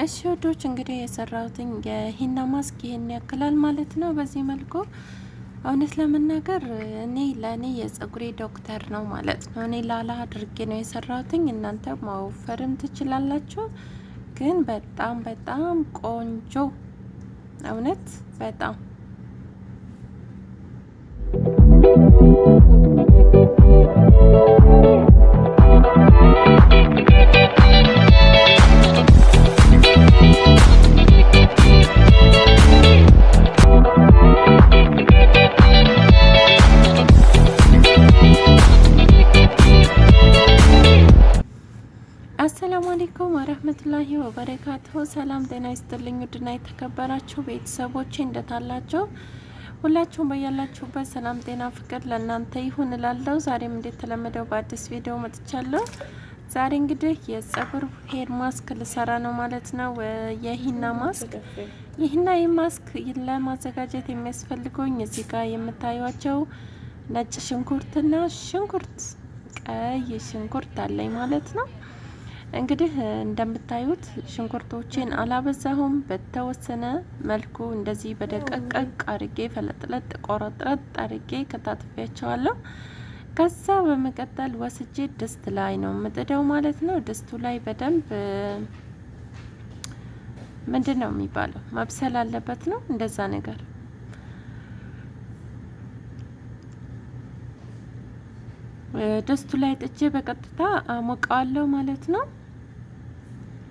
እሺ ወዶች እንግዲህ የሰራሁትኝ የሂና ማስክ ይሄን ያክላል ማለት ነው። በዚህ መልኩ እውነት ለመናገር እኔ ለእኔ የጸጉሬ ዶክተር ነው ማለት ነው። እኔ ላላ አድርጌ ነው የሰራሁትኝ። እናንተ ማወፈርም ትችላላችሁ፣ ግን በጣም በጣም ቆንጆ እውነት በጣም ውድና የተከበራችሁ ቤተሰቦች እንደታላችሁ ሁላችሁም በያላችሁበት ሰላም፣ ጤና፣ ፍቅር ለእናንተ ይሁን እላለሁ። ዛሬም እንደተለመደው በአዲስ ቪዲዮ መጥቻለሁ። ዛሬ እንግዲህ የጸጉር ሄር ማስክ ልሰራ ነው ማለት ነው። የሂና ማስክ ይህና ይህ ማስክ ለማዘጋጀት የሚያስፈልገኝ እዚህ ጋር የምታዩቸው ነጭ ሽንኩርትና ሽንኩርት ቀይ ሽንኩርት አለኝ ማለት ነው። እንግዲህ እንደምታዩት ሽንኩርቶችን አላበዛሁም። በተወሰነ መልኩ እንደዚህ በደቀቀቅ አርጌ ፈለጥለጥ ቆረጥረጥ አርጌ ከታትፊያቸዋለሁ። ከዛ በመቀጠል ወስጄ ድስት ላይ ነው የምጥደው ማለት ነው። ድስቱ ላይ በደንብ ምንድን ነው የሚባለው መብሰል አለበት ነው እንደዛ ነገር ድስቱ ላይ ጥጄ በቀጥታ አሞቃለሁ ማለት ነው።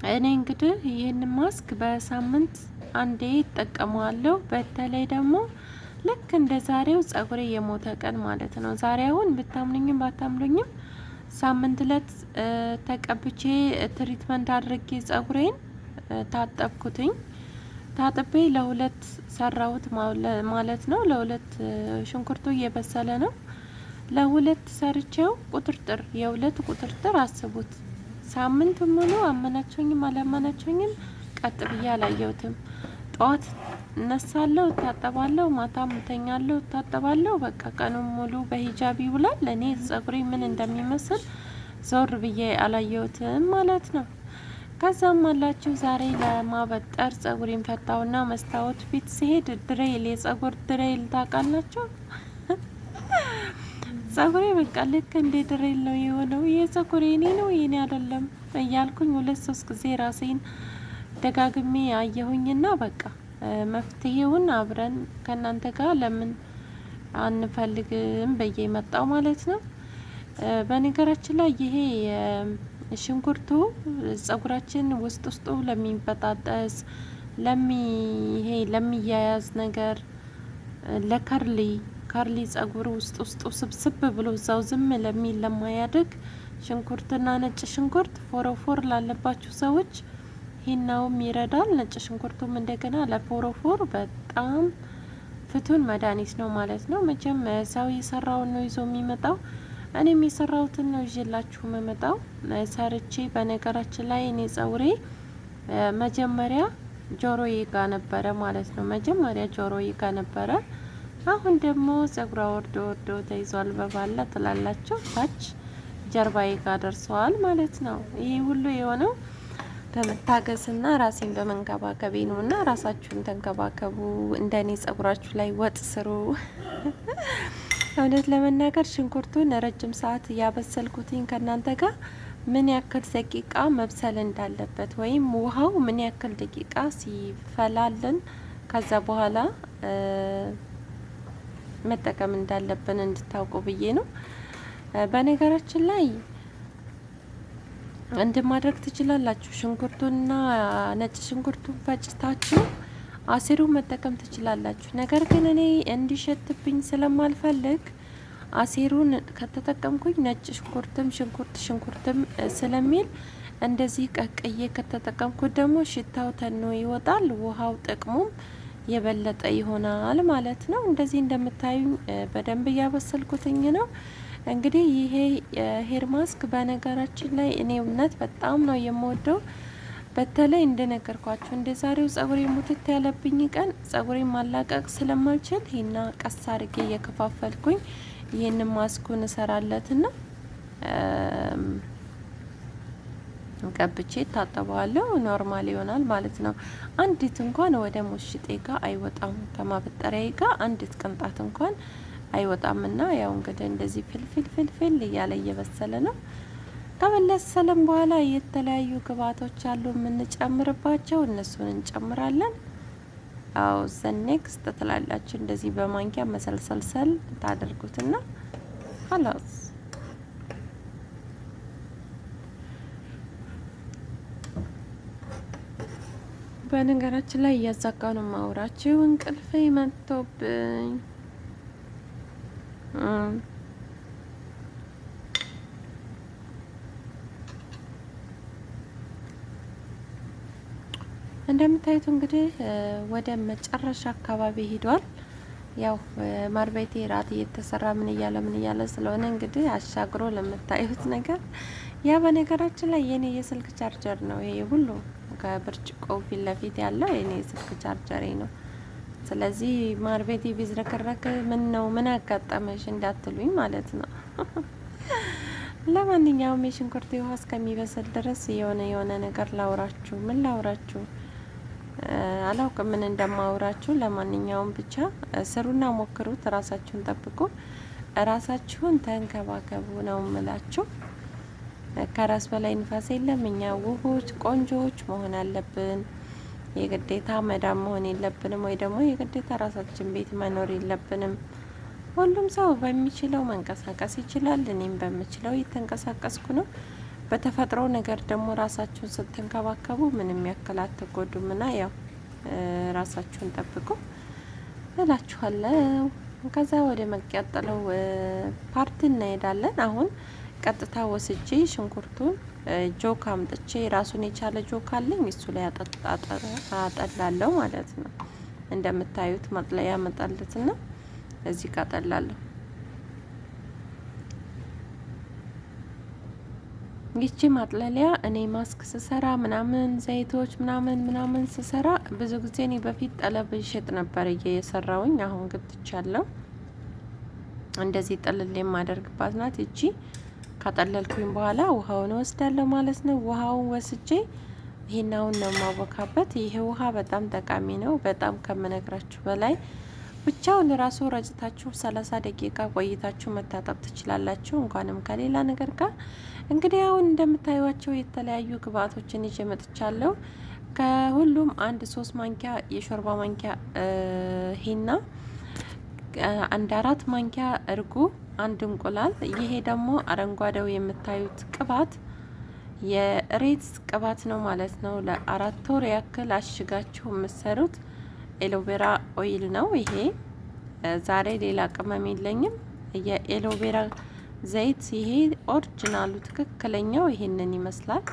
እኔ እንግዲህ ይህን ማስክ በሳምንት አንዴ ይጠቀመዋለሁ። በተለይ ደግሞ ልክ እንደ ዛሬው ጸጉሬ የሞተ ቀን ማለት ነው። ዛሬ አሁን ብታምኑኝም ባታምኑኝም ሳምንት እለት ተቀብቼ ትሪትመንት አድርጌ ጸጉሬን ታጠብኩትኝ። ታጥቤ ለሁለት ሰራሁት ማለት ነው። ለሁለት ሽንኩርቱ እየበሰለ ነው። ለሁለት ሰርቼው ቁጥርጥር የሁለት ቁጥርጥር አስቡት ሳምንት ሙሉ አመናቸውኝም አላመናቸውኝም ቀጥ ብዬ አላየሁትም። ጠዋት እነሳለሁ፣ እታጠባለሁ፣ ማታም እተኛለሁ፣ እታጠባለሁ። በቃ ቀኑን ሙሉ በሂጃብ ይውላል። እኔ ጸጉሪ ምን እንደሚመስል ዞር ብዬ አላየሁትም ማለት ነው። ከዛም አላችሁ ዛሬ ለማበጠር ጸጉሬን ፈታውና መስታወት ፊት ሲሄድ ድሬል የጸጉር ድሬል ታውቃላችሁ? ጸጉሬ በቃ ልክ እንዴ ድሬ ነው የሆነው። ይህ ጸጉሬ የኔ ነው የኔ አይደለም እያልኩኝ ሁለት ሶስት ጊዜ ራሴን ደጋግሜ አየሁኝና በቃ መፍትሄውን አብረን ከእናንተ ጋር ለምን አንፈልግም ብዬ መጣው ማለት ነው። በነገራችን ላይ ይሄ ሽንኩርቱ ጸጉራችን ውስጥ ውስጡ ለሚበጣጠስ ለሚ ይሄ ለሚያያዝ ነገር ለከርሊ ካርሊ ጸጉር ውስጥ ውስጡ ስብስብ ብሎ እዛው ዝም ለሚል ለማያደግ ሽንኩርትና ነጭ ሽንኩርት ፎሮፎር ላለባችሁ ሰዎች ሂናውም ይረዳል። ነጭ ሽንኩርቱም እንደገና ለፎሮፎር በጣም ፍቱን መድኃኒት ነው ማለት ነው። መቼም ሰው የሰራውን ነው ይዞ የሚመጣው። እኔም የሰራሁትን ነው ይዤላችሁ መመጣው ሰርቼ። በነገራችን ላይ እኔ ጸጉሬ መጀመሪያ ጆሮዬ ጋ ነበረ ማለት ነው። መጀመሪያ ጆሮዬ ጋ ነበረ አሁን ደግሞ ጸጉሯ ወርዶ ወርዶ ተይዟል በባላ ትላላቸው ታች ጀርባዬ ጋር ደርሰዋል ማለት ነው። ይህ ሁሉ የሆነው በመታገስና ራሴን በመንከባከቤ ነው። እና ራሳችሁን ተንከባከቡ፣ እንደኔ ጸጉራችሁ ላይ ወጥ ስሩ። እውነት ለመናገር ሽንኩርቱን ረጅም ሰዓት እያበሰልኩትኝ ከእናንተ ጋር ምን ያክል ደቂቃ መብሰል እንዳለበት ወይም ውሃው ምን ያክል ደቂቃ ሲፈላልን ከዛ በኋላ መጠቀም እንዳለብን እንድታውቁ ብዬ ነው። በነገራችን ላይ እንድ ማድረግ ትችላላችሁ። ሽንኩርቱና ነጭ ሽንኩርቱን ፈጭታችሁ አሲሩ መጠቀም ትችላላችሁ። ነገር ግን እኔ እንዲሸትብኝ ስለማልፈልግ አሲሩን ከተጠቀምኩኝ ነጭ ሽንኩርትም ሽንኩርት ሽንኩርትም ስለሚል እንደዚህ ቀቅዬ ከተጠቀምኩት ደግሞ ሽታው ተኖ ይወጣል። ውሃው ጥቅሙም የበለጠ ይሆናል ማለት ነው። እንደዚህ እንደምታዩ በደንብ እያበሰልኩትኝ ነው። እንግዲህ ይሄ ሄር ማስክ በነገራችን ላይ እኔ እውነት በጣም ነው የምወደው። በተለይ እንደነገርኳችሁ እንደ ዛሬው ጸጉሬ ሙትት ያለብኝ ቀን ጸጉሬ ማላቀቅ ስለማልችል ይና ቀስ አድርጌ እየከፋፈልኩኝ ይህንን ማስኩን እሰራለትና ቀብቼ ታጠበዋለሁ ኖርማል ይሆናል ማለት ነው። አንዲት እንኳን ወደ ሙሽጤ ጋር አይወጣም፣ ከማበጠሪያ ጋር አንዲት ቅንጣት እንኳን አይወጣም። ና ያው እንግዲህ እንደዚህ ፍልፍል ፍልፍል እያለ እየበሰለ ነው። ከበለሰለም በኋላ የተለያዩ ግብአቶች አሉ የምንጨምርባቸው፣ እነሱን እንጨምራለን። አው ዘኔክስት ትላላችሁ። እንደዚህ በማንኪያ መሰልሰልሰል ታደርጉትና ሀላስ በነገራችን ላይ እያዛጋ ነው ማውራችሁ። እንቅልፌ መጥቶብኝ እንደምታዩት እንግዲህ ወደ መጨረሻ አካባቢ ሂዷል። ያው ማርቤቴ ራት እየተሰራ ምን እያለ ምን እያለ ስለሆነ እንግዲህ አሻግሮ ለምታዩት ነገር ያ በነገራችን ላይ የኔ የስልክ ቻርጀር ነው ይሄ ሁሉ ከብርጭቆው ፊት ለፊት ያለው የኔ ስልክ ቻርጀሬ ነው። ስለዚህ ማር ቤቴ ቢዝረከረክ ምን ነው ምን አጋጠመሽ እንዳትሉኝ ማለት ነው። ለማንኛውም የሽንኩርት ውሃ እስከሚበስል ድረስ የሆነ የሆነ ነገር ላውራችሁ። ምን ላውራችሁ አላውቅ ምን እንደማውራችሁ። ለማንኛውም ብቻ ስሩና ሞክሩት። ራሳችሁን ጠብቁ፣ ራሳችሁን ተንከባከቡ ነው ምላችሁ። ከራስ በላይ ንፋስ የለም። እኛ ውቦች ቆንጆዎች መሆን አለብን። የግዴታ መዳም መሆን የለብንም፣ ወይ ደግሞ የግዴታ ራሳችን ቤት መኖር የለብንም። ሁሉም ሰው በሚችለው መንቀሳቀስ ይችላል። እኔም በምችለው እየተንቀሳቀስኩ ነው። በተፈጥሮ ነገር ደግሞ ራሳችሁን ስትንከባከቡ ምንም ያክል ና ያው ራሳችሁን ጠብቁ እላችኋለሁ። ከዛ ወደ መቀጠለው ፓርቲ እንሄዳለን አሁን ቀጥታ ወስጄ ሽንኩርቱን ጆካ አምጥቼ ራሱን የቻለ ጆካ አለኝ እሱ ላይ አጠላለሁ ማለት ነው። እንደምታዩት መጥለያ መጣለትና እዚህ ጋር አጠላለሁ። ይቺ ማጥለሊያ እኔ ማስክ ስሰራ ምናምን ዘይቶች ምናምን ምናምን ስሰራ ብዙ ጊዜ እኔ በፊት ጠለብ ሸጥ ነበር እየሰራውኝ አሁን ግብትቻለሁ። እንደዚህ ጥልል የማደርግባት ናት ይቺ ካጠለልኩኝ በኋላ ውሃውን ወስዳለሁ ማለት ነው። ውሃውን ወስጄ ይሄን አሁን ነው የማቦካበት። ይሄ ውሃ በጣም ጠቃሚ ነው። በጣም ከምነግራችሁ በላይ ብቻውን ራሱ ረጭታችሁ ሰላሳ ደቂቃ ቆይታችሁ መታጠብ ትችላላችሁ፣ እንኳንም ከሌላ ነገር ጋር። እንግዲህ አሁን እንደምታዩቸው የተለያዩ ግብአቶችን ይዤ መጥቻለሁ። ከሁሉም አንድ ሶስት ማንኪያ የሾርባ ማንኪያ ሂና አንድ አራት ማንኪያ እርጎ፣ አንድ እንቁላል። ይሄ ደግሞ አረንጓዴው የምታዩት ቅባት የሬት ቅባት ነው ማለት ነው። ለአራት ወር ያክል አሽጋችሁ የምሰሩት ኤሎቬራ ኦይል ነው ይሄ። ዛሬ ሌላ ቅመም የለኝም፣ የኤሎቬራ ዘይት። ይሄ ኦሪጂናሉ ትክክለኛው ይሄንን ይመስላል።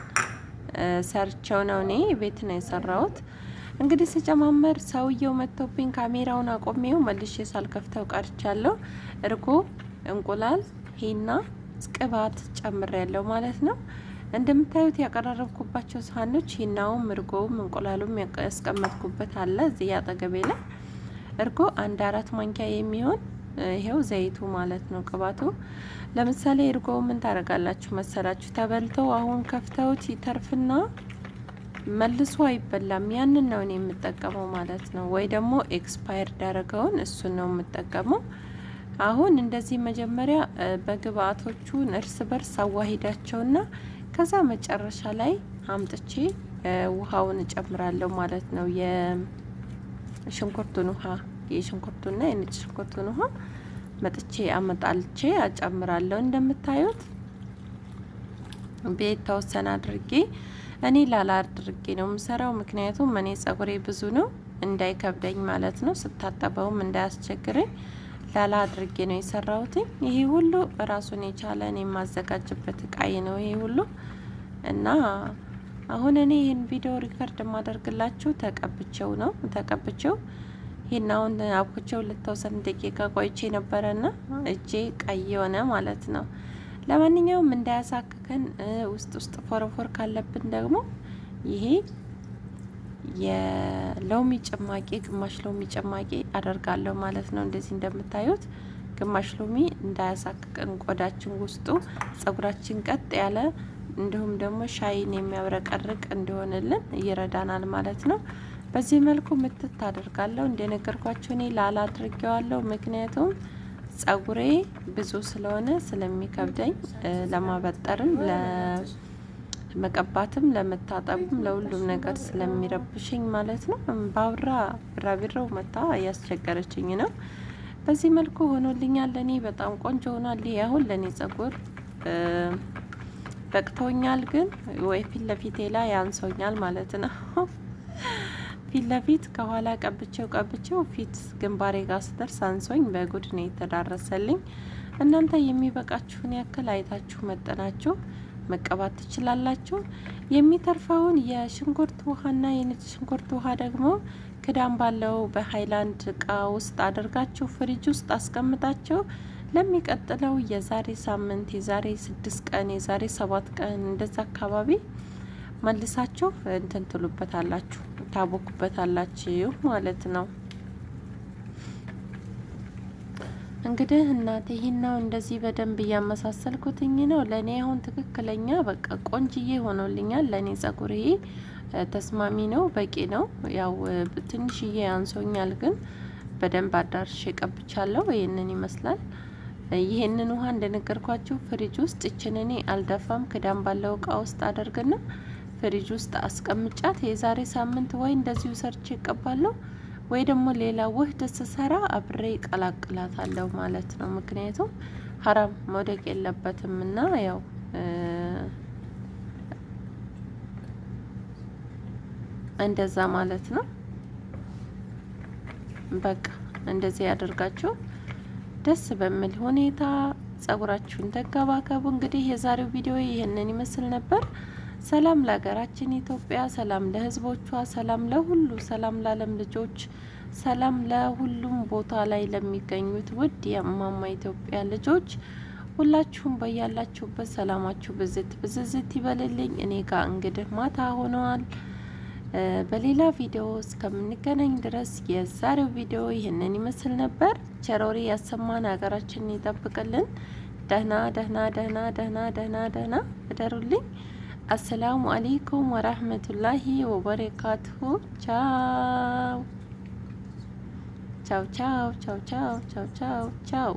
ሰርቸው ነው እኔ ቤት ነው የሰራሁት። እንግዲህ ስጨማመር ሰውየው መጥቶብኝ ካሜራውን አቆሜው መልሼ ሳልከፍተው ቀርቻለሁ። እርጎ፣ እንቁላል፣ ሂና ቅባት ጨምር ያለው ማለት ነው። እንደምታዩት ያቀራረብኩባቸው ሳህኖች ሂናውም፣ እርጎውም፣ እንቁላሉም ያስቀመጥኩበት አለ እዚህ አጠገቤ ላይ እርጎ አንድ አራት ማንኪያ የሚሆን ይሄው ዘይቱ ማለት ነው። ቅባቱ ለምሳሌ እርጎ ምን ታደርጋላችሁ መሰላችሁ? ተበልተው አሁን ከፍተውት ይተርፍና መልሶ አይበላም። ያንን ነው እኔ የምጠቀመው ማለት ነው። ወይ ደግሞ ኤክስፓየር ዳረገውን እሱን ነው የምጠቀመው። አሁን እንደዚህ መጀመሪያ በግብአቶቹን እርስ በርስ አዋሂዳቸውና ከዛ መጨረሻ ላይ አምጥቼ ውሃውን እጨምራለሁ ማለት ነው። የሽንኩርቱን ውሃ የሽንኩርቱና የነጭ ሽንኩርቱን ውሃ መጥቼ አመጣልቼ አጨምራለሁ። እንደምታዩት ቤት ተወሰነ አድርጌ እኔ ላላ አድርጌ ነው የምሰራው። ምክንያቱም እኔ ጸጉሬ ብዙ ነው እንዳይከብደኝ ማለት ነው። ስታጠበውም እንዳያስቸግረኝ ላላ አድርጌ ነው የሰራሁትኝ። ይሄ ሁሉ ራሱን የቻለ እኔ የማዘጋጅበት እቃይ ነው ይሄ ሁሉ እና አሁን እኔ ይህን ቪዲዮ ሪከርድ የማደርግላችሁ ተቀብቸው ነው ተቀብቸው ይህን አሁን አብኩቸው ልተወሰን ደቂቃ ቆይቼ ነበረና እጄ ቀይ የሆነ ማለት ነው ለማንኛውም እንዳያሳክከን ውስጥ ውስጥ ፎረፎር ካለብን ደግሞ ይሄ የሎሚ ጭማቂ ግማሽ ሎሚ ጭማቂ አደርጋለሁ ማለት ነው። እንደዚህ እንደምታዩት ግማሽ ሎሚ እንዳያሳክቅን ቆዳችን ውስጡ ጸጉራችን ቀጥ ያለ እንዲሁም ደግሞ ሻይን የሚያብረቀርቅ እንዲሆንልን ይረዳናል ማለት ነው። በዚህ መልኩ ምትት አደርጋለሁ። እንደነገርኳቸው እኔ ላላ አድርጌዋለሁ ምክንያቱም ጸጉሬ ብዙ ስለሆነ ስለሚከብደኝ ለማበጠርም ለመቀባትም ለመታጠብም ለሁሉም ነገር ስለሚረብሽኝ ማለት ነው። ባውራ ቢራቢሮ መታ እያስቸገረችኝ ነው። በዚህ መልኩ ሆኖልኛል። ለእኔ በጣም ቆንጆ ሆኗል። ያሁን ለእኔ ጸጉር በቅቶኛል፣ ግን ወይ ፊት ለፊቴ ላይ ያንሶኛል ማለት ነው። ፊት ለፊት ከኋላ ቀብቼው ቀብቼው ፊት ግንባሬ ጋር ስደርስ አንሶኝ በጉድ ነው የተዳረሰልኝ። እናንተ የሚበቃችሁን ያክል አይታችሁ መጠናችሁ መቀባት ትችላላችሁ። የሚተርፈውን የሽንኩርት ውሃና የነጭ ሽንኩርት ውሃ ደግሞ ክዳን ባለው በሀይላንድ እቃ ውስጥ አድርጋችሁ ፍሪጅ ውስጥ አስቀምጣችሁ ለሚቀጥለው የዛሬ ሳምንት የዛሬ ስድስት ቀን የዛሬ ሰባት ቀን እንደዛ አካባቢ መልሳችሁ እንትን ትሉበታላችሁ። ትታወቁበታላችሁ ማለት ነው። እንግዲህ እናቴ ነው እንደዚህ በደንብ እያመሳሰልኩትኝ ነው። ለእኔ አሁን ትክክለኛ በቃ ቆንጅዬ ሆኖልኛል። ለእኔ ጸጉሬ ተስማሚ ነው፣ በቂ ነው። ያው ትንሽዬ አንሶኛል፣ ግን በደንብ አዳርሼ ቀብቻለሁ። ይህንን ይመስላል። ይህንን ውሃ እንደነገርኳችሁ ፍሪጅ ውስጥ እችን እኔ አልደፋም፣ ክዳን ባለው እቃ ውስጥ አደርግና ፍሪጅ ውስጥ አስቀምጫት የዛሬ ሳምንት ወይ እንደዚሁ ሰርቼ ይቀባለሁ ወይ ደግሞ ሌላ ውህድ ስሰራ አብሬ አለው ማለት ነው። ምክንያቱም ሀራም መውደቅ የለበትም እና ያው እንደዛ ማለት ነው። በቃ እንደዚህ ያደርጋችሁ ደስ በሚል ሁኔታ ጸጉራችሁን ተንከባከቡ። እንግዲህ የዛሬው ቪዲዮ ይህንን ይመስል ነበር። ሰላም ለሀገራችን ኢትዮጵያ፣ ሰላም ለህዝቦቿ ሰላም ለሁሉ፣ ሰላም ለዓለም ልጆች፣ ሰላም ለሁሉም ቦታ ላይ ለሚገኙት ውድ የእማማ ኢትዮጵያ ልጆች ሁላችሁም በያላችሁበት ሰላማችሁ ብዝት ብዝዝት ይበልልኝ። እኔ ጋር እንግዲህ ማታ ሆነዋል። በሌላ ቪዲዮ እስከምንገናኝ ድረስ የዛሬው ቪዲዮ ይህንን ይመስል ነበር። ቸሮሪ ያሰማን፣ ሀገራችንን ይጠብቅልን። ደህና ደህና ደህና ደህና ደህና ደህና እደሩልኝ። አሰላሙ አሌይኩም ወራህመቱላሂ ወበረካቱሁ። ቻው ቻው ቻው ቻው ቻው ቻው ቻው